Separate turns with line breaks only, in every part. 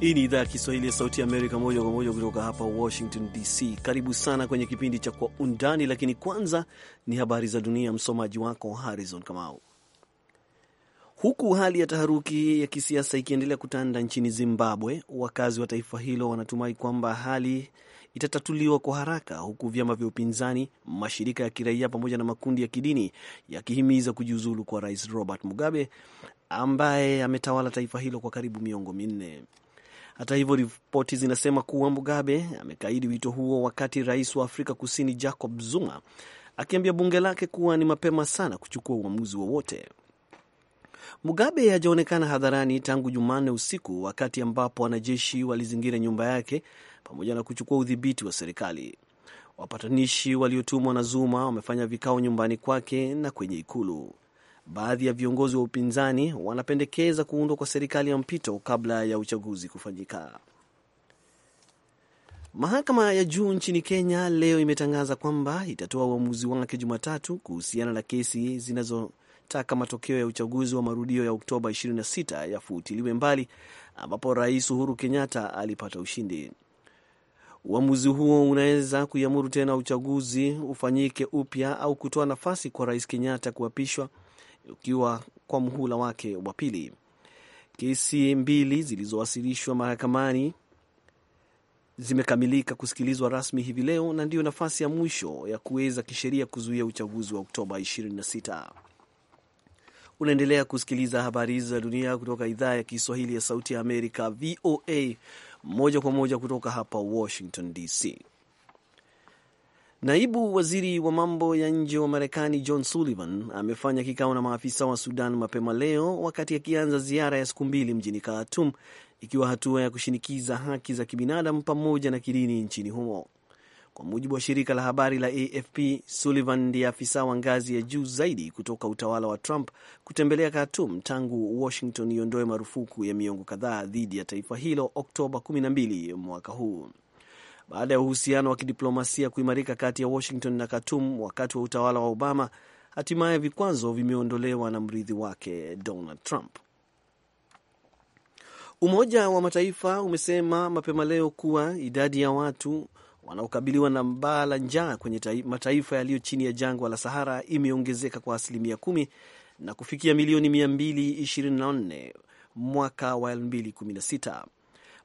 Hii ni idhaa ya Kiswahili ya Sauti ya Amerika, moja kwa moja kutoka hapa Washington DC. Karibu sana kwenye kipindi cha Kwa Undani, lakini kwanza ni habari za dunia. Msomaji wako Harrison Kamau. Huku hali ya taharuki ya kisiasa ikiendelea kutanda nchini Zimbabwe, wakazi wa taifa hilo wanatumai kwamba hali itatatuliwa kwa haraka, huku vyama vya upinzani, mashirika ya kiraia pamoja na makundi ya kidini yakihimiza kujiuzulu kwa Rais Robert Mugabe ambaye ametawala taifa hilo kwa karibu miongo minne. Hata hivyo, ripoti zinasema kuwa Mugabe amekaidi wito huo, wakati rais wa Afrika Kusini Jacob Zuma akiambia bunge lake kuwa ni mapema sana kuchukua uamuzi wowote. Mugabe hajaonekana hadharani tangu Jumanne usiku, wakati ambapo wanajeshi walizingira nyumba yake pamoja na kuchukua udhibiti wa serikali. Wapatanishi waliotumwa na Zuma wamefanya vikao nyumbani kwake na kwenye ikulu. Baadhi ya viongozi wa upinzani wanapendekeza kuundwa kwa serikali ya mpito kabla ya uchaguzi kufanyika. Mahakama ya juu nchini Kenya leo imetangaza kwamba itatoa uamuzi wake Jumatatu kuhusiana na kesi zinazotaka matokeo ya uchaguzi wa marudio ya Oktoba 26 yafutiliwe mbali, ambapo Rais Uhuru Kenyatta alipata ushindi. Uamuzi huo unaweza kuiamuru tena uchaguzi ufanyike upya au kutoa nafasi kwa Rais Kenyatta kuapishwa ukiwa kwa mhula wake wa pili. Kesi mbili zilizowasilishwa mahakamani zimekamilika kusikilizwa rasmi hivi leo na ndiyo nafasi ya mwisho ya kuweza kisheria kuzuia uchaguzi wa Oktoba 26. Unaendelea kusikiliza habari hizi za dunia kutoka idhaa ya Kiswahili ya Sauti ya Amerika, VOA, moja kwa moja kutoka hapa Washington DC. Naibu waziri wa mambo ya nje wa Marekani John Sullivan amefanya kikao na maafisa wa Sudan mapema leo wakati akianza ziara ya siku mbili mjini Khartoum, ikiwa hatua ya kushinikiza haki za kibinadamu pamoja na kidini nchini humo. Kwa mujibu wa shirika la habari la AFP, Sullivan ndiye afisa wa ngazi ya juu zaidi kutoka utawala wa Trump kutembelea Khartoum tangu Washington iondoe marufuku ya miongo kadhaa dhidi ya taifa hilo Oktoba 12 mwaka huu baada ya uhusiano wa kidiplomasia kuimarika kati ya Washington na Khartoum wakati wa utawala wa Obama. Hatimaye vikwazo vimeondolewa na mrithi wake Donald Trump. Umoja wa Mataifa umesema mapema leo kuwa idadi ya watu wanaokabiliwa na baa la njaa kwenye mataifa yaliyo chini ya jangwa la Sahara imeongezeka kwa asilimia kumi na kufikia milioni 224 mwaka wa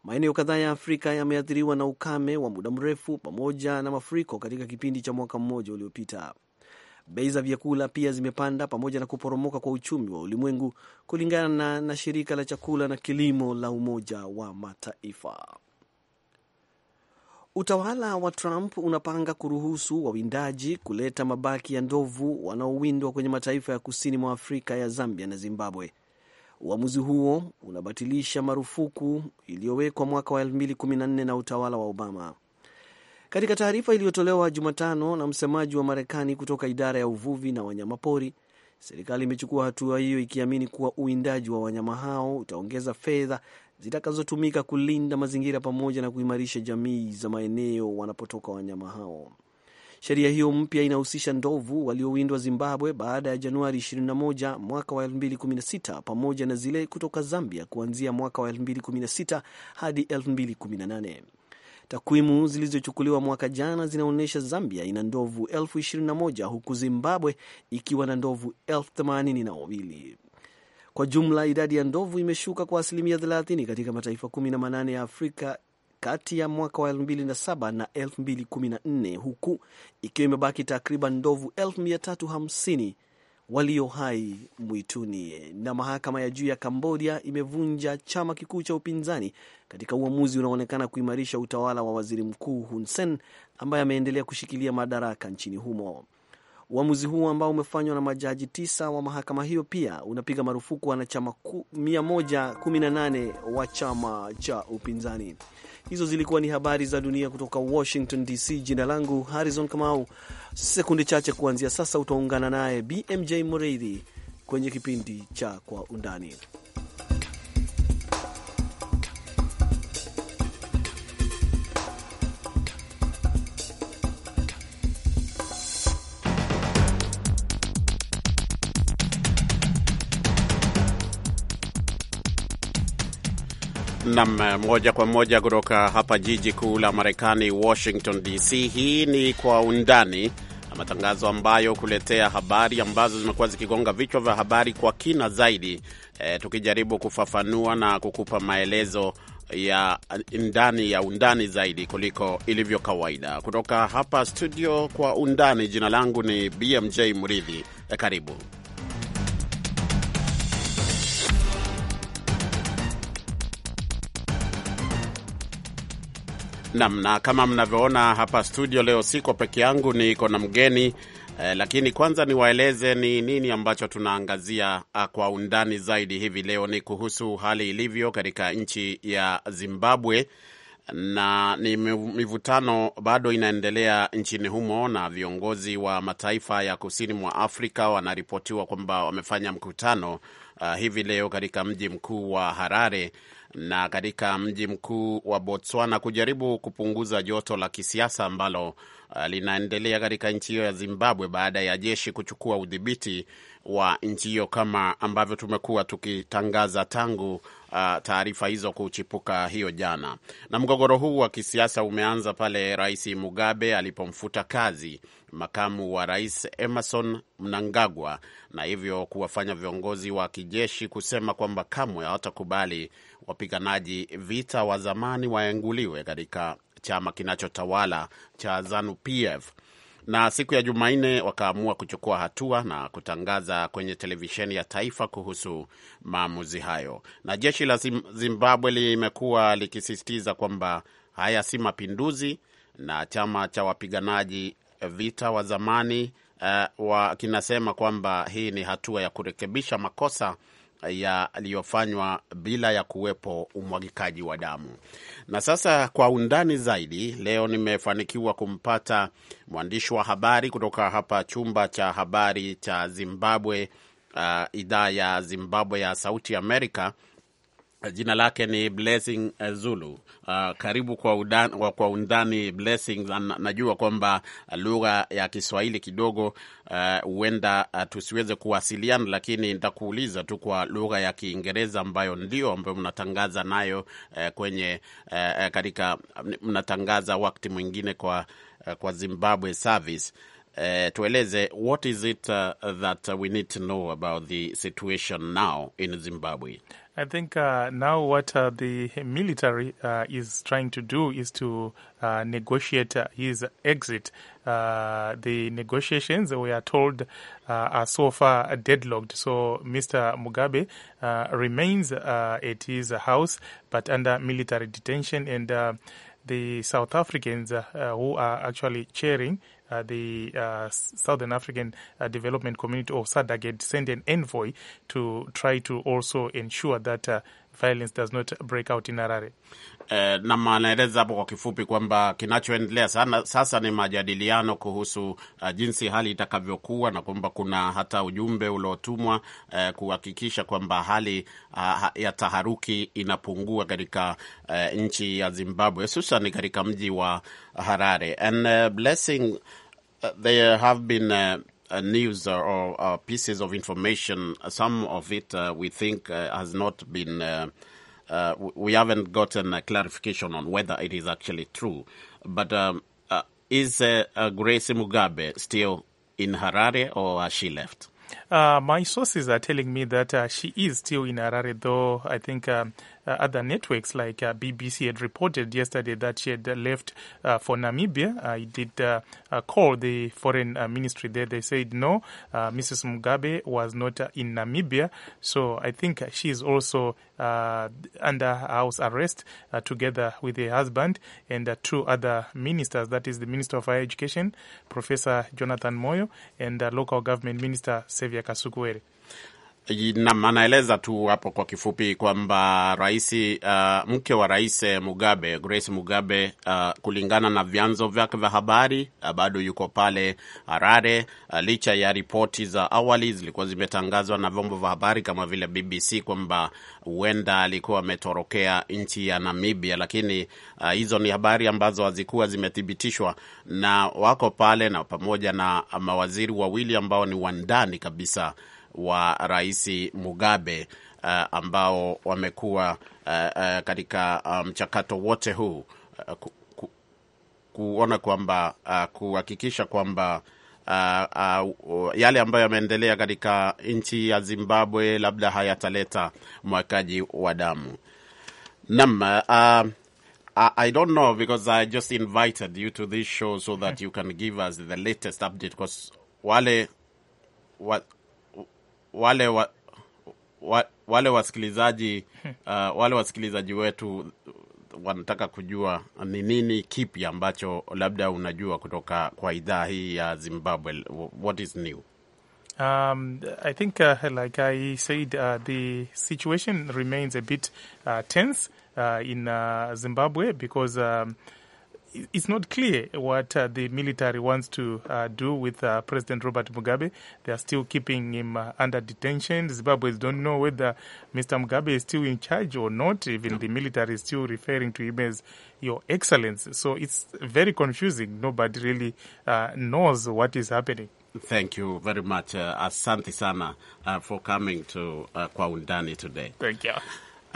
Maeneo kadhaa ya Afrika yameathiriwa na ukame wa muda mrefu pamoja na mafuriko katika kipindi cha mwaka mmoja uliopita. Bei za vyakula pia zimepanda pamoja na kuporomoka kwa uchumi wa ulimwengu, kulingana na shirika la chakula na kilimo la Umoja wa Mataifa. Utawala wa Trump unapanga kuruhusu wawindaji kuleta mabaki ya ndovu wanaowindwa kwenye mataifa ya kusini mwa Afrika ya Zambia na Zimbabwe. Uamuzi huo unabatilisha marufuku iliyowekwa mwaka wa 2014 na utawala wa Obama. Katika taarifa iliyotolewa Jumatano na msemaji wa Marekani kutoka idara ya uvuvi na wanyamapori, serikali imechukua hatua hiyo ikiamini kuwa uwindaji wa wanyama hao utaongeza fedha zitakazotumika kulinda mazingira pamoja na kuimarisha jamii za maeneo wanapotoka wanyama hao. Sheria hiyo mpya inahusisha ndovu waliowindwa Zimbabwe baada ya Januari 21 mwaka wa 2016 pamoja na zile kutoka Zambia kuanzia mwaka wa 2016 hadi 2018. Takwimu zilizochukuliwa mwaka jana zinaonyesha Zambia ina ndovu 21 huku Zimbabwe ikiwa na ndovu 82. Kwa jumla idadi ya ndovu imeshuka kwa asilimia 30 katika mataifa 18 ya Afrika kati ya mwaka wa 2007 na 2014 huku ikiwa imebaki takriban ndovu 350 walio hai mwituni. Na mahakama ya juu ya Kambodia imevunja chama kikuu cha upinzani katika uamuzi unaoonekana kuimarisha utawala wa waziri mkuu Hun Sen ambaye ameendelea kushikilia madaraka nchini humo. Uamuzi huo ambao umefanywa na majaji tisa wa mahakama hiyo pia unapiga marufuku wanachama 118 wa chama cha upinzani. Hizo zilikuwa ni habari za dunia kutoka Washington DC. Jina langu Harrison Kamau. Sekunde chache kuanzia sasa utaungana naye BMJ Mureithi kwenye kipindi cha Kwa Undani.
Nam moja kwa moja kutoka hapa jiji kuu la Marekani, Washington DC. Hii ni Kwa Undani, matangazo ambayo kuletea habari ambazo zimekuwa zikigonga vichwa vya habari kwa kina zaidi, e, tukijaribu kufafanua na kukupa maelezo ya ndani ya undani zaidi kuliko ilivyo kawaida. Kutoka hapa studio Kwa Undani, jina langu ni BMJ Muridhi. E, karibu. Nam, na kama mnavyoona hapa studio leo siko peke yangu, niko na mgeni eh, lakini kwanza niwaeleze ni nini ambacho tunaangazia ah, kwa undani zaidi hivi leo. Ni kuhusu hali ilivyo katika nchi ya Zimbabwe na ni mivutano bado inaendelea nchini humo, na viongozi wa mataifa ya kusini mwa Afrika wanaripotiwa kwamba wamefanya mkutano uh, hivi leo katika mji mkuu wa Harare na katika mji mkuu wa Botswana kujaribu kupunguza joto la kisiasa ambalo uh, linaendelea katika nchi hiyo ya Zimbabwe baada ya jeshi kuchukua udhibiti wa nchi hiyo kama ambavyo tumekuwa tukitangaza tangu uh, taarifa hizo kuchipuka hiyo jana. Na mgogoro huu wa kisiasa umeanza pale Rais Mugabe alipomfuta kazi makamu wa rais Emerson Mnangagwa na hivyo kuwafanya viongozi wa kijeshi kusema kwamba kamwe hawatakubali wapiganaji vita wa zamani waenguliwe katika chama kinachotawala cha Zanu-PF na siku ya Jumanne wakaamua kuchukua hatua na kutangaza kwenye televisheni ya taifa kuhusu maamuzi hayo. Na jeshi la Zimbabwe limekuwa likisisitiza kwamba haya si mapinduzi na chama cha wapiganaji Eh, vita wa zamani uh, wa kinasema kwamba hii ni hatua ya kurekebisha makosa eh, yaliyofanywa bila ya kuwepo umwagikaji wa damu. Na sasa kwa undani zaidi, leo nimefanikiwa kumpata mwandishi wa habari kutoka hapa chumba cha habari cha Zimbabwe, uh, idhaa ya Zimbabwe ya Sauti Amerika Jina lake ni Blessing eh, Zulu. Uh, karibu kwa, udan, kwa undani Blessing. Najua kwamba lugha ya Kiswahili kidogo eh, huenda uh, uh, tusiweze kuwasiliana, lakini nitakuuliza tu kwa lugha ya Kiingereza ambayo ndio ambayo mnatangaza nayo uh, kwenye uh, katika mnatangaza wakati mwingine kwa, uh, kwa Zimbabwe Service Eh, tueleze what is it uh, that uh, we need to know about the situation now in Zimbabwe.
I think uh, now what uh, the military uh, is trying to do is to uh, negotiate uh, his exit. the negotiations, we are told, are so far deadlocked. So Mr. Mugabe remains at his house, but under military detention. And the South Africans who are actually cheering Uh, the uh, Southern African uh, Development Community or SADC had e sent an envoy to try to also ensure that uh, violence does not break out in Harare.
Eh, na anaeleza hapo kwa kifupi kwamba kinachoendelea sana sasa ni majadiliano kuhusu uh, jinsi hali itakavyokuwa na kwamba kuna hata ujumbe uliotumwa eh, kuhakikisha kwamba hali uh, ya taharuki inapungua katika uh, nchi ya Zimbabwe hususan katika mji wa Harare. And, uh, blessing Uh, there have been uh, uh, news or, pieces of information. Some of it we think has not been. we haven't gotten a clarification on whether it is actually true. But um, is Grace Mugabe still in Harare or has she left?
Uh, my sources are telling me that uh, she is still in Harare, though I think um, uh, other networks like uh, BBC had reported yesterday that she had left uh, for Namibia. I did uh, call the foreign ministry there. They said no, Mrs. Mugabe was not in Namibia. So I think she is also under house arrest together with her husband and two other ministers. That is the Minister of Higher Education, Professor Jonathan Moyo, and local government minister, Xavier Kazukuere.
Nam anaeleza tu hapo kwa kifupi kwamba rais uh, mke wa rais eh, Mugabe, Grace Mugabe, uh, kulingana na vyanzo vyake vya habari uh, bado yuko pale Harare uh, licha ya ripoti za awali zilikuwa zimetangazwa na vyombo vya habari kama vile BBC kwamba huenda alikuwa ametorokea nchi ya Namibia, lakini uh, hizo ni habari ambazo hazikuwa zimethibitishwa, na wako pale na pamoja na mawaziri wawili ambao ni wandani kabisa wa Rais Mugabe uh, ambao wamekuwa uh, uh, katika um, mchakato um, wote huu uh, kuona kwamba uh, kuhakikisha kwamba Uh, uh, yale ambayo yameendelea katika nchi ya Zimbabwe labda hayataleta mwakaji wa damu. Naam, uh, uh, I don't know because I just invited you to this show so that you can give us the latest update because wale wa, wale wa, wa, wale wasikilizaji uh, wale wasikilizaji wetu wanataka kujua ni nini kipi ambacho labda unajua kutoka kwa idhaa hii ya Zimbabwe. What is new?
Um, I think uh, like I said uh, the situation remains a bit uh, tense uh, in uh, Zimbabwe because um, it's not clear what uh, the military wants to uh, do with uh, President Robert Mugabe. They are still keeping him uh, under detention. Zimbabweans don't know whether Mr. Mugabe is still in charge or not. Even no. the military is still referring to him as Your Excellency. So it's very confusing. Nobody really uh, knows what is happening. Thank you very much. Uh, asante sana for coming to
uh, Kwa Undani today. Thank you.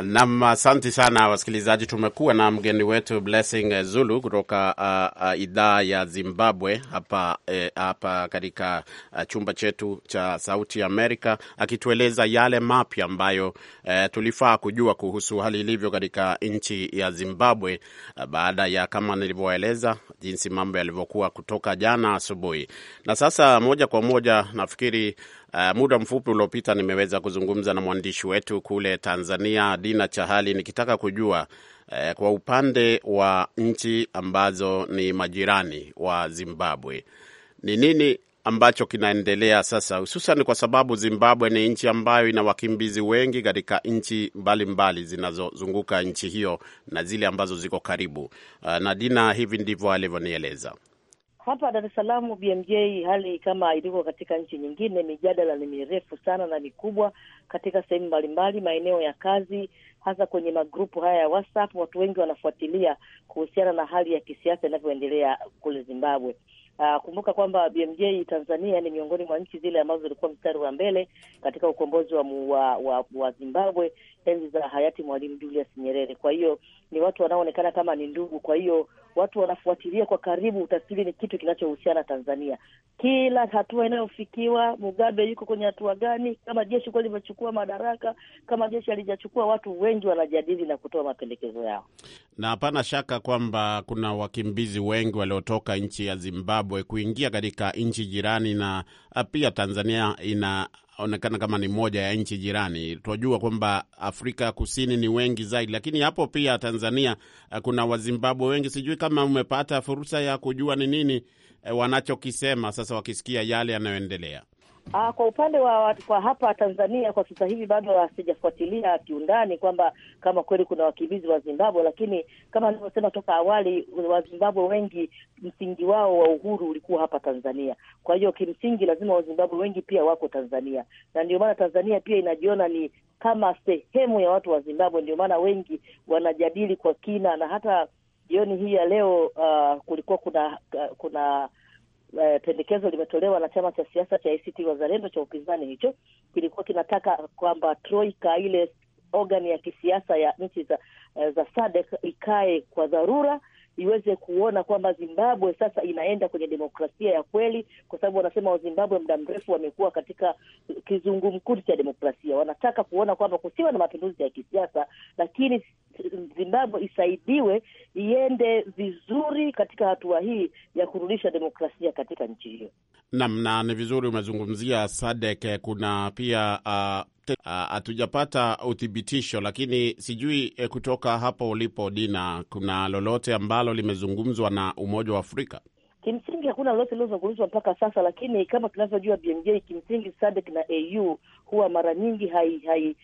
Nam, asante sana wasikilizaji. Tumekuwa na mgeni wetu Blessing Zulu kutoka uh, uh, idhaa ya Zimbabwe hapa, eh, hapa katika uh, chumba chetu cha Sauti Amerika akitueleza yale mapya ambayo eh, tulifaa kujua kuhusu hali ilivyo katika nchi ya Zimbabwe uh, baada ya kama nilivyoeleza jinsi mambo yalivyokuwa kutoka jana asubuhi. Na sasa moja kwa moja nafikiri Uh, muda mfupi uliopita nimeweza kuzungumza na mwandishi wetu kule Tanzania Dina Chahali nikitaka kujua uh, kwa upande wa nchi ambazo ni majirani wa Zimbabwe ni nini ambacho kinaendelea sasa, hususan kwa sababu Zimbabwe ni nchi ambayo ina wakimbizi wengi katika nchi mbalimbali zinazozunguka nchi hiyo na zile ambazo ziko karibu. Uh, na Dina, hivi ndivyo alivyonieleza.
Hapa Dar es Salaam BMJ, hali kama ilivyo katika nchi nyingine, mijadala ni mirefu sana na mikubwa katika sehemu mbalimbali, maeneo ya kazi, hasa kwenye magrupu haya ya WhatsApp. Watu wengi wanafuatilia kuhusiana na hali ya kisiasa inavyoendelea kule Zimbabwe. Uh, kumbuka kwamba BMJ, Tanzania ni miongoni mwa nchi zile ambazo zilikuwa mstari wa mbele katika ukombozi wa, wa, wa, wa Zimbabwe enzi za hayati Mwalimu Julius Nyerere. Kwa hiyo ni watu wanaoonekana kama ni ndugu, kwa hiyo watu wanafuatilia kwa karibu, utafikiri ni kitu kinachohusiana Tanzania. Kila hatua inayofikiwa, Mugabe yuko kwenye hatua gani? Kama jeshi kuwa limechukua madaraka, kama jeshi alijachukua watu wengi wanajadili na kutoa mapendekezo yao,
na hapana shaka kwamba kuna wakimbizi wengi waliotoka nchi ya Zimbabwe kuingia katika nchi jirani, na pia Tanzania ina inaonekana kama ni moja ya nchi jirani. Tunajua kwamba Afrika Kusini ni wengi zaidi, lakini hapo pia Tanzania eh, kuna Wazimbabwe wengi. Sijui kama umepata fursa ya kujua ni nini eh, wanachokisema sasa wakisikia yale yanayoendelea.
Aa, ah, kwa upande wa watu kwa hapa Tanzania kwa sasa hivi bado hasijafuatilia kiundani kwamba kama kweli kuna wakimbizi wa Zimbabwe, lakini kama nilivyosema toka awali, wa Zimbabwe wengi msingi wao wa uhuru ulikuwa hapa Tanzania. Kwa hiyo kimsingi lazima wa Zimbabwe wengi pia wako Tanzania, na ndio maana Tanzania pia inajiona ni kama sehemu ya watu wa Zimbabwe. Ndio maana wengi wanajadili kwa kina, na hata jioni hii ya leo uh, kulikuwa kuna uh, kuna eh, pendekezo limetolewa na chama cha siasa cha ACT Wazalendo cha upinzani, hicho kilikuwa kinataka kwamba troika ile organi ya kisiasa ya nchi za eh, za SADC ikae kwa dharura iweze kuona kwamba Zimbabwe sasa inaenda kwenye demokrasia ya kweli, kwa sababu wanasema Wazimbabwe muda mrefu wamekuwa katika kizungumkuti cha demokrasia. Wanataka kuona kwamba kusiwa na mapinduzi ya kisiasa, lakini Zimbabwe isaidiwe iende vizuri katika hatua hii ya kurudisha demokrasia katika nchi hiyo.
Naam, na ni vizuri umezungumzia Sadek. Kuna pia uh, uh, hatujapata uh, uh, uthibitisho, lakini sijui uh, kutoka hapo ulipo Dina, kuna lolote ambalo limezungumzwa na Umoja wa Afrika?
Kimsingi hakuna lolote lilozungumzwa mpaka sasa, lakini kama tunavyojua BMJ, kimsingi Sadek na AU huwa mara nyingi hai, hai,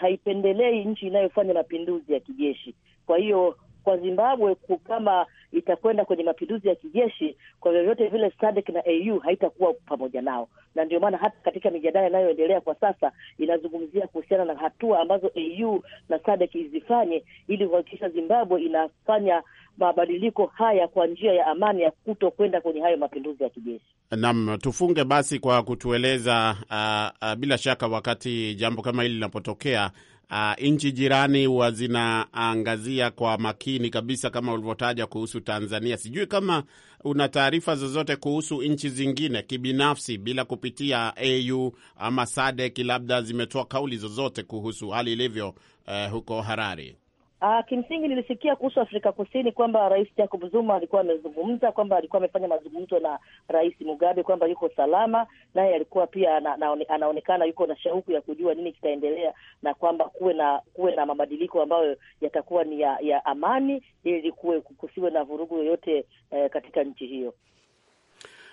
haipendelei hai nchi inayofanya mapinduzi ya kijeshi. Kwa hiyo kwa Zimbabwe kama itakwenda kwenye mapinduzi ya kijeshi, kwa vyovyote vile SADC na AU haitakuwa pamoja nao, na ndio maana hata katika mijadala inayoendelea kwa sasa inazungumzia kuhusiana na hatua ambazo AU na SADC izifanye ili kuhakikisha Zimbabwe inafanya mabadiliko haya kwa njia ya amani ya kuto kwenda kwenye hayo mapinduzi ya kijeshi.
Naam, tufunge basi kwa kutueleza uh, uh, bila shaka wakati jambo kama hili linapotokea Uh, nchi jirani huwa zinaangazia kwa makini kabisa kama ulivyotaja kuhusu Tanzania. Sijui kama una taarifa zozote kuhusu nchi zingine kibinafsi, bila kupitia AU ama SADC, e labda zimetoa kauli zozote kuhusu hali ilivyo uh, huko Harare.
Uh, kimsingi nilisikia kuhusu Afrika Kusini kwamba Rais Jacob Zuma alikuwa amezungumza kwamba alikuwa amefanya mazungumzo na Rais Mugabe kwamba yuko salama, naye alikuwa pia anaonekana yuko na shauku ya kujua nini kitaendelea na kwamba kuwe na kuwe na mabadiliko ambayo yatakuwa ni ya, ya amani ili kuwe kusiwe na vurugu yoyote eh, katika nchi hiyo.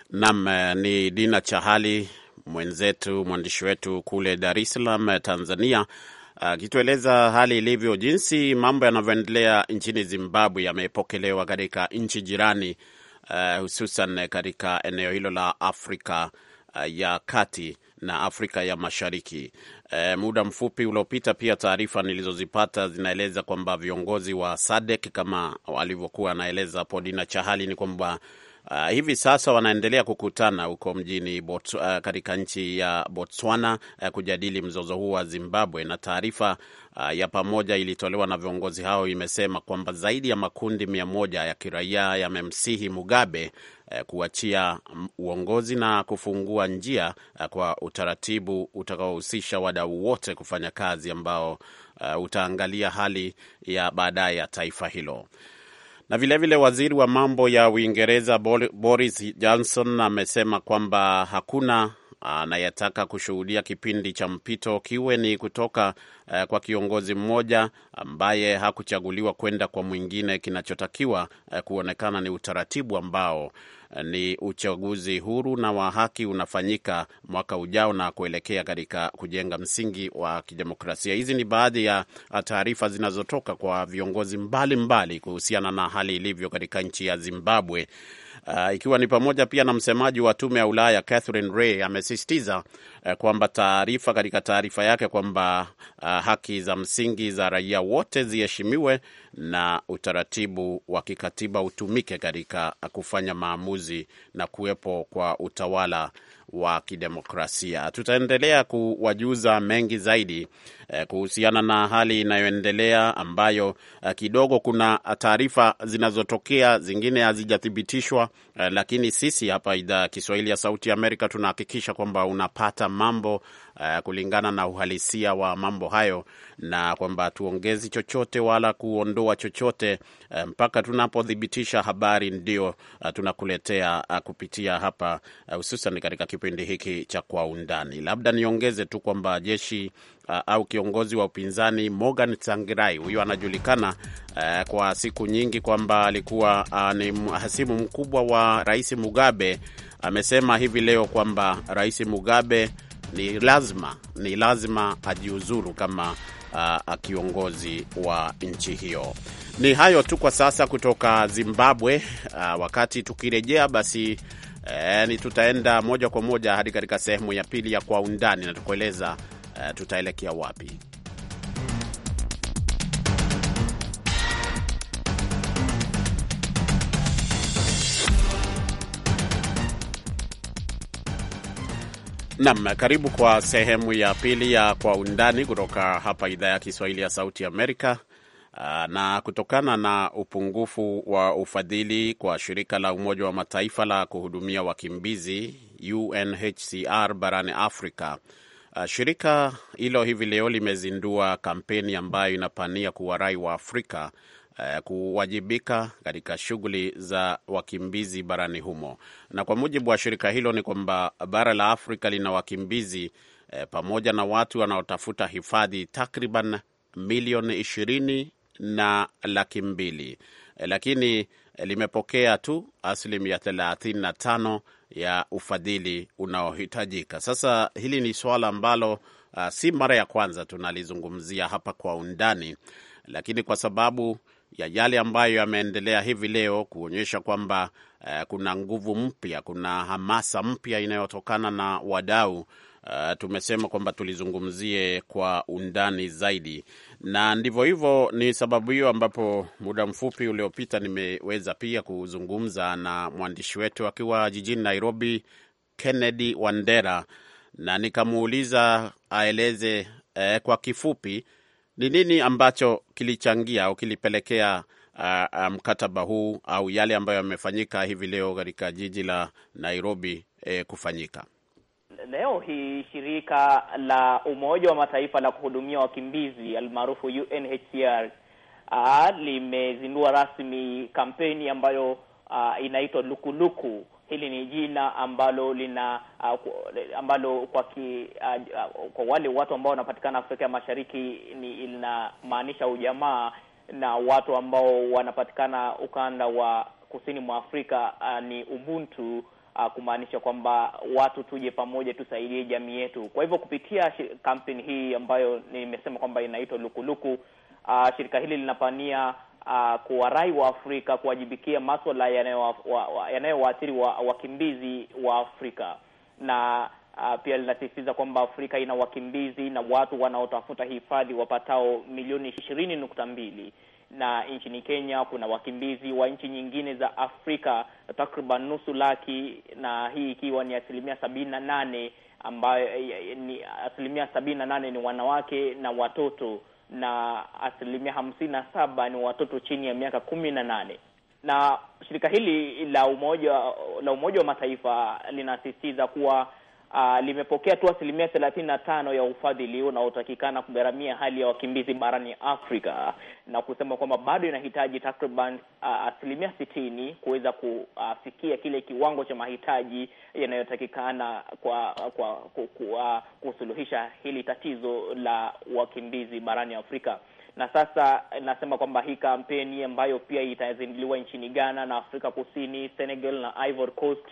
Naam, eh, ni Dina Chahali mwenzetu mwandishi wetu kule Dar es Salaam, eh, Tanzania Ah, akitueleza hali ilivyo, jinsi mambo yanavyoendelea nchini Zimbabwe yamepokelewa katika nchi jirani uh, hususan katika eneo hilo la Afrika uh, ya kati na Afrika ya Mashariki. E, muda mfupi uliopita pia taarifa nilizozipata zinaeleza kwamba viongozi wa SADC kama walivyokuwa anaeleza Podina Chahali ni kwamba Uh, hivi sasa wanaendelea kukutana huko mjini uh, katika nchi ya Botswana uh, kujadili mzozo huu wa Zimbabwe, na taarifa uh, ya pamoja ilitolewa na viongozi hao imesema kwamba zaidi ya makundi mia moja ya kiraia yamemsihi Mugabe uh, kuachia uongozi na kufungua njia uh, kwa utaratibu utakaohusisha wadau wote kufanya kazi ambao uh, utaangalia hali ya baadaye ya taifa hilo. Na vilevile vile waziri wa mambo ya Uingereza Boris Johnson amesema kwamba hakuna anayetaka kushuhudia kipindi cha mpito kiwe ni kutoka uh, kwa kiongozi mmoja ambaye hakuchaguliwa kwenda kwa mwingine. Kinachotakiwa uh, kuonekana ni utaratibu ambao eh, ni uchaguzi huru na wa haki unafanyika mwaka ujao na kuelekea katika kujenga msingi wa kidemokrasia. Hizi ni baadhi ya taarifa zinazotoka kwa viongozi mbalimbali kuhusiana na hali ilivyo katika nchi ya Zimbabwe uh, ikiwa ni pamoja pia na msemaji wa tume ya Ulaya Catherine Ray amesisitiza uh, kwamba taarifa katika taarifa yake kwamba uh, haki za msingi za raia wote ziheshimiwe na utaratibu wa kikatiba utumike katika kufanya maamuzi na kuwepo kwa utawala wa kidemokrasia. Tutaendelea kuwajuza mengi zaidi eh, kuhusiana na hali inayoendelea ambayo eh, kidogo kuna taarifa zinazotokea zingine hazijathibitishwa eh, lakini sisi hapa idhaa ya Kiswahili ya Sauti Amerika tunahakikisha kwamba unapata mambo eh, kulingana na uhalisia wa mambo hayo na kwamba tuongezi chochote wala kuondoa chochote eh, mpaka tunapothibitisha habari ndio eh, tunakuletea eh, kupitia hapa eh, hususan eh, katika kipindi hiki cha Kwa Undani. Labda niongeze tu kwamba jeshi uh, au kiongozi wa upinzani Morgan Tsvangirai, huyo anajulikana uh, kwa siku nyingi kwamba alikuwa uh, ni hasimu mkubwa wa Rais Mugabe, amesema hivi leo kwamba Rais Mugabe ni lazima ni lazima ajiuzuru kama uh, kiongozi wa nchi hiyo. Ni hayo tu kwa sasa kutoka Zimbabwe. Uh, wakati tukirejea basi e, ni tutaenda moja kwa moja hadi katika sehemu ya pili ya kwa undani na tukueleza e, tutaelekea wapi. Nam, karibu kwa sehemu ya pili ya kwa undani kutoka hapa idhaa ya Kiswahili ya Sauti Amerika. Ah, na kutokana na upungufu wa ufadhili kwa shirika la Umoja wa Mataifa la kuhudumia wakimbizi UNHCR barani Afrika, ah, shirika hilo hivi leo limezindua kampeni ambayo inapania kuwarai wa Afrika eh, kuwajibika katika shughuli za wakimbizi barani humo. Na kwa mujibu wa shirika hilo ni kwamba bara la Afrika lina wakimbizi eh, pamoja na watu wanaotafuta hifadhi takriban milioni ishirini na laki mbili eh, lakini eh, limepokea tu asilimia thelathini na tano ya ufadhili unaohitajika. Sasa hili ni suala ambalo uh, si mara ya kwanza tunalizungumzia hapa kwa undani, lakini kwa sababu ya yale ambayo yameendelea hivi leo kuonyesha kwamba uh, kuna nguvu mpya, kuna hamasa mpya inayotokana na wadau uh, tumesema kwamba tulizungumzie kwa undani zaidi, na ndivyo hivyo. Ni sababu hiyo ambapo muda mfupi uliopita nimeweza pia kuzungumza na mwandishi wetu akiwa jijini Nairobi, Kennedy Wandera, na nikamuuliza aeleze uh, kwa kifupi ni nini ambacho kilichangia au kilipelekea uh, mkataba um, huu au yale ambayo yamefanyika hivi leo katika jiji la Nairobi eh, kufanyika.
Leo hii shirika la Umoja wa Mataifa la kuhudumia wakimbizi almaarufu UNHCR uh, ah, limezindua rasmi kampeni ambayo uh, inaitwa Lukuluku. Hili ni jina ambalo lina uh, ambalo kwa ki, uh, kwa wale watu ambao wanapatikana Afrika ya Mashariki ni linamaanisha ujamaa na watu ambao wanapatikana ukanda wa kusini mwa Afrika uh, ni ubuntu uh, kumaanisha kwamba watu tuje pamoja, tusaidie jamii yetu. Kwa hivyo kupitia kampeni hii ambayo nimesema kwamba inaitwa Lukuluku, uh, shirika hili linapania uh, kuwarai wa Afrika kuwajibikia maswala yanayowaathiri wa, wa, wakimbizi wa Afrika na Uh, pia linasisitiza kwamba Afrika ina wakimbizi na watu wanaotafuta hifadhi wapatao milioni ishirini nukta mbili na nchini Kenya kuna wakimbizi wa nchi nyingine za Afrika takriban nusu laki, na hii ikiwa ni asilimia sabini na nane ambayo eh, eh, ni asilimia sabini na nane ni wanawake na watoto na asilimia hamsini na saba ni watoto chini ya miaka kumi na nane na shirika hili la Umoja la Umoja wa Mataifa linasisitiza kuwa uh, limepokea tu asilimia thelathini na tano ya ufadhili unaotakikana kugharamia hali ya wakimbizi barani Afrika na kusema kwamba bado inahitaji takriban uh, asilimia sitini kuweza kufikia kile kiwango cha mahitaji yanayotakikana kwa kwa, kwa, kwa ah, kusuluhisha hili tatizo la wakimbizi barani Afrika na sasa nasema kwamba hii kampeni ambayo pia itazinduliwa nchini Ghana na Afrika Kusini, Senegal na Ivory Coast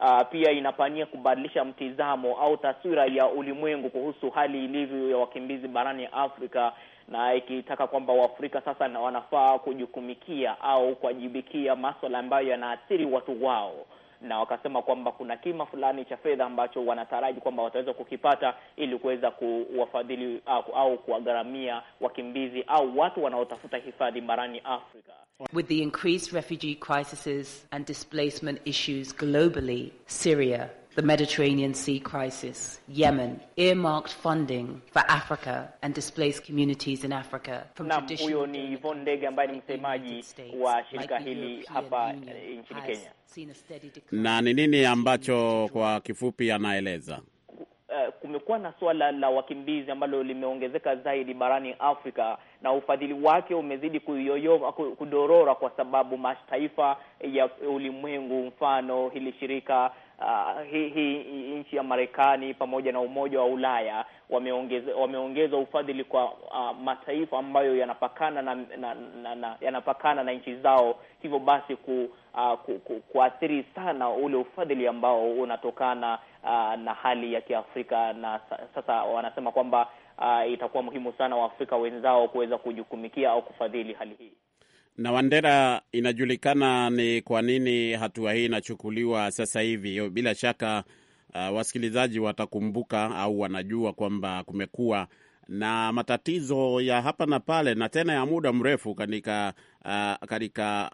uh, pia inapania kubadilisha mtizamo au taswira ya ulimwengu kuhusu hali ilivyo ya wakimbizi barani Afrika na ikitaka kwamba Waafrika sasa na wanafaa kujukumikia au kuwajibikia maswala ambayo yanaathiri watu wao na wakasema kwamba kuna kima fulani cha fedha ambacho wanataraji kwamba wataweza kukipata ili kuweza kuwafadhili au, au kuwagharamia wakimbizi au watu wanaotafuta hifadhi barani Afrika.
With the
increased refugee crises and displacement issues globally, Syria the Mediterranean Sea crisis, Yemen, earmarked funding for Africa and displaced communities in Africa from na, Huyo
ni Yvonne Ndege ambaye ni msemaji wa shirika hili hapa eh, nchini Kenya.
Na ni nini ambacho kwa kifupi anaeleza?
Eh, kumekuwa na suala la wakimbizi ambalo limeongezeka zaidi barani Afrika na ufadhili wake umezidi kuyoyoma, kudorora kwa sababu mataifa ya ulimwengu, mfano hili shirika uh, ah, hii hi, nchi ya Marekani pamoja na Umoja wa Ulaya wameongeza wameongeza ufadhili kwa uh, mataifa ambayo yanapakana na, na, na, na yanapakana na nchi zao, hivyo basi ku, uh, ku, ku, kuathiri sana ule ufadhili ambao unatokana uh, na hali ya Kiafrika, na sasa wanasema kwamba uh, itakuwa muhimu sana Waafrika wenzao kuweza kujukumikia au kufadhili hali hii.
Na Wandera, inajulikana ni kwa nini hatua hii inachukuliwa sasa hivi. Bila shaka uh, wasikilizaji watakumbuka au wanajua kwamba kumekuwa na matatizo ya hapa na pale na tena ya muda mrefu katika uh, katika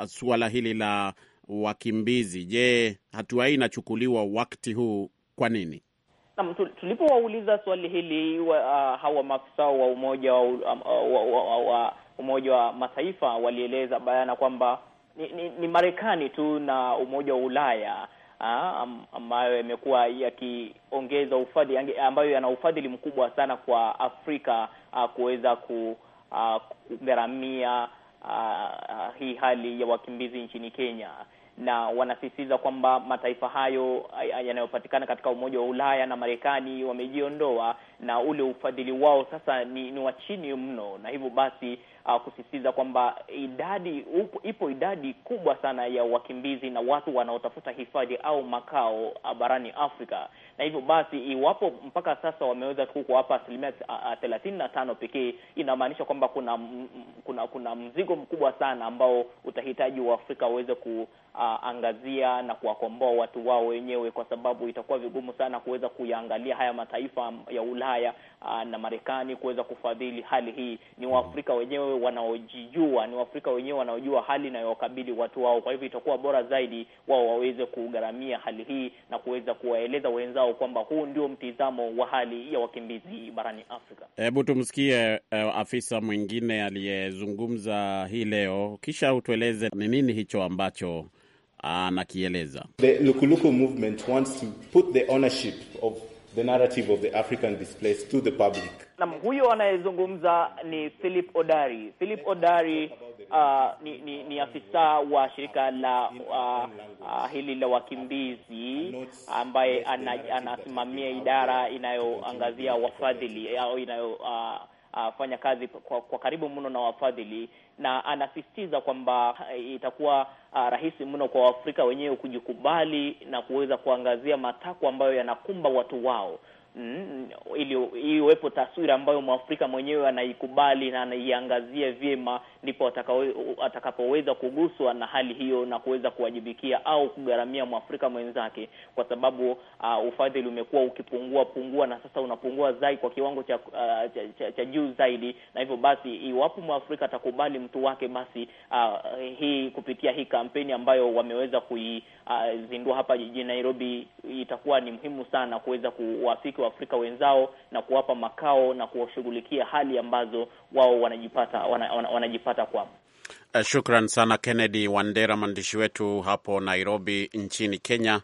uh, suala hili la wakimbizi. Je, hatua hii inachukuliwa wakati huu kwa nini?
Naam, tulipowauliza swali hili wa, uh, hawa maafisa wa Umoja wa, um, wa, wa, wa, wa Umoja wa Mataifa walieleza bayana kwamba ni, ni, ni Marekani tu na Umoja wa Ulaya ah, ambayo yamekuwa yakiongeza ufadhili ambayo yana ufadhili mkubwa sana kwa Afrika ah, kuweza ah, kugharamia hii hali ya wakimbizi nchini Kenya, na wanasisitiza kwamba mataifa hayo yanayopatikana katika Umoja wa Ulaya na Marekani wamejiondoa, na ule ufadhili wao sasa ni, ni wa chini mno, na hivyo basi uh, kusisitiza kwamba idadi upo, ipo idadi kubwa sana ya wakimbizi na watu wanaotafuta hifadhi au makao uh, barani Afrika, na hivyo basi iwapo mpaka sasa wameweza tu kuwapa asilimia uh, uh, thelathini na tano pekee, inamaanisha kwamba kuna, kuna, kuna mzigo mkubwa sana ambao utahitaji Afrika waweze ku uh, angazia na kuwakomboa watu wao wenyewe, kwa sababu itakuwa vigumu sana kuweza kuyaangalia haya mataifa ya Ulaya uh, na Marekani kuweza kufadhili hali hii. Ni Waafrika wenyewe wanaojijua, ni Waafrika wenyewe wanaojua hali inayowakabili watu wao. Kwa hivyo itakuwa bora zaidi wao waweze kugharamia hali hii na kuweza kuwaeleza wenzao kwamba huu ndio mtizamo wa hali ya wakimbizi barani Afrika.
Hebu tumsikie uh, afisa mwingine aliyezungumza hii leo, kisha utueleze ni nini hicho ambacho anakieleza
nam. Huyo anayezungumza ni Philip Odari. Philip Odari uh, ni, ni, ni afisa wa shirika la uh, uh, hili la wakimbizi ambaye anasimamia idara inayoangazia wafadhili au inayo uh, uh, fanya kazi kwa, kwa karibu mno na wafadhili na anasisitiza kwamba eh, itakuwa uh, rahisi mno kwa Waafrika wenyewe kujikubali na kuweza kuangazia matakwa ambayo yanakumba watu wao mm, ili iwepo taswira ambayo Mwafrika mwenyewe anaikubali na anaiangazia vyema ndipo atakapoweza kuguswa na hali hiyo na kuweza kuwajibikia au kugharamia Mwafrika mwenzake, kwa sababu uh, ufadhili umekuwa ukipungua pungua na sasa unapungua zaidi kwa kiwango cha, uh, cha, cha, cha juu zaidi, na hivyo basi iwapo Mwafrika atakubali mtu wake, basi uh, hii kupitia hii kampeni ambayo wameweza kuizindua uh, hapa jijini Nairobi itakuwa ni muhimu sana kuweza kuwafiki Waafrika wenzao na kuwapa makao na kuwashughulikia hali ambazo wao wanajipata wana, wana, wanajipata kupata kwao.
Eh, shukran sana Kennedy Wandera, mwandishi wetu hapo Nairobi nchini Kenya,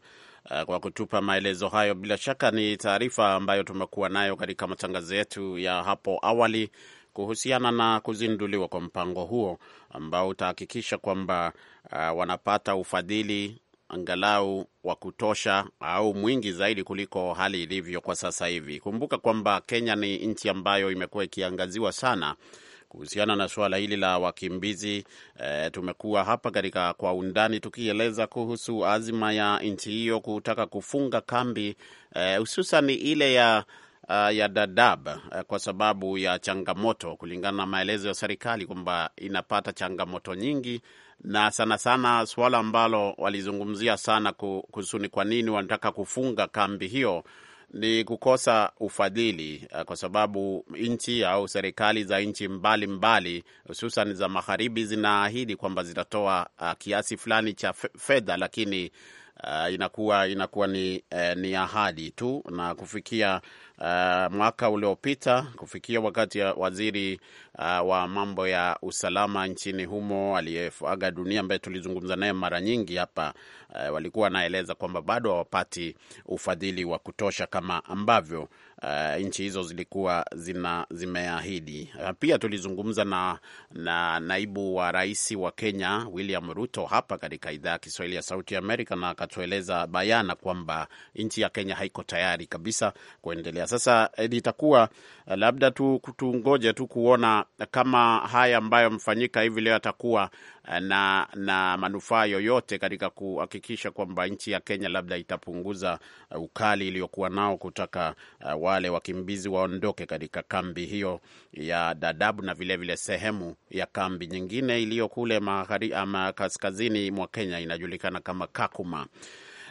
eh, kwa kutupa maelezo hayo. Bila shaka ni taarifa ambayo tumekuwa nayo katika matangazo yetu ya hapo awali kuhusiana na kuzinduliwa kwa mpango huo ambao utahakikisha kwamba uh, wanapata ufadhili angalau wa kutosha au mwingi zaidi kuliko hali ilivyo kwa sasa hivi. Kumbuka kwamba Kenya ni nchi ambayo imekuwa ikiangaziwa sana kuhusiana na suala hili la wakimbizi e, tumekuwa hapa katika kwa undani tukieleza kuhusu azima ya nchi hiyo kutaka kufunga kambi eh, hususan e, ile ya Uh, ya Dadaab uh, kwa sababu ya changamoto, kulingana na maelezo ya serikali kwamba inapata changamoto nyingi, na sana sana suala ambalo walizungumzia sana kuhusu ni kwa nini wanataka kufunga kambi hiyo ni kukosa ufadhili, eh, kwa sababu nchi au serikali za nchi mbalimbali hususan za magharibi zinaahidi kwamba zitatoa eh, kiasi fulani cha fedha, lakini uh, inakuwa inakuwa ni, eh, ni ahadi tu na kufikia uh, mwaka uliopita kufikia wakati ya waziri uh, wa mambo ya usalama nchini humo aliyeaga dunia ambaye tulizungumza naye mara nyingi hapa uh, walikuwa wanaeleza kwamba bado hawapati ufadhili wa kutosha kama ambavyo uh, nchi hizo zilikuwa zina, zimeahidi. Uh, pia tulizungumza na, na naibu wa rais wa Kenya William Ruto hapa katika idhaa ya Kiswahili ya Sauti Amerika, na akatueleza bayana kwamba nchi ya Kenya haiko tayari kabisa kuendelea. Sasa litakuwa eh, labda tu, tungoje tu kuona kama haya ambayo amefanyika hivi leo atakuwa na, na manufaa yoyote katika kuhakikisha kwamba nchi ya Kenya labda itapunguza ukali iliyokuwa nao kutaka uh, wale wakimbizi waondoke katika kambi hiyo ya Dadaab na vilevile vile sehemu ya kambi nyingine iliyo kule magharibi ama kaskazini mwa Kenya inajulikana kama Kakuma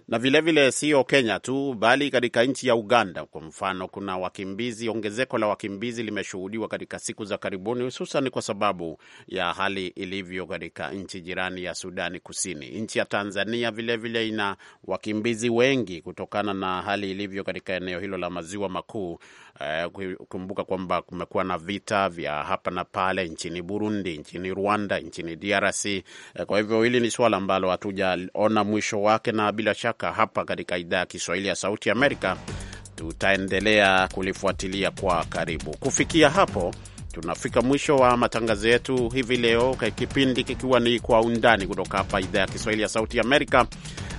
na vilevile sio Kenya tu, bali katika nchi ya Uganda kwa mfano, kuna wakimbizi, ongezeko la wakimbizi limeshuhudiwa katika siku za karibuni, hususan kwa sababu ya hali ilivyo katika nchi jirani ya Sudani Kusini. Nchi ya Tanzania vilevile vile ina wakimbizi wengi kutokana na hali ilivyo katika eneo hilo la maziwa makuu Uh, kumbuka kwamba kumekuwa na vita vya hapa na pale nchini Burundi, nchini Rwanda, nchini DRC. Uh, kwa hivyo hili ni suala ambalo hatujaona mwisho wake, na bila shaka hapa katika idhaa ya Kiswahili ya Sauti Amerika tutaendelea kulifuatilia kwa karibu. Kufikia hapo tunafika mwisho wa matangazo yetu hivi leo, kipindi kikiwa ni Kwa Undani kutoka hapa idhaa ya Kiswahili ya Sauti Amerika.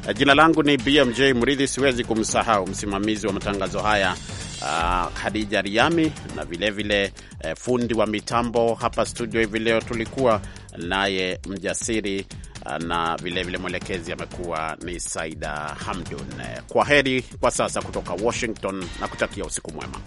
Eh, jina langu ni BMJ Mridhi, siwezi kumsahau msimamizi wa matangazo haya uh, Khadija Riami na vilevile vile, uh, fundi wa mitambo hapa studio hivi leo tulikuwa naye Mjasiri ah, na vilevile mwelekezi amekuwa ni Saida Hamdun. Eh, kwa heri kwa sasa kutoka Washington na kutakia usiku mwema.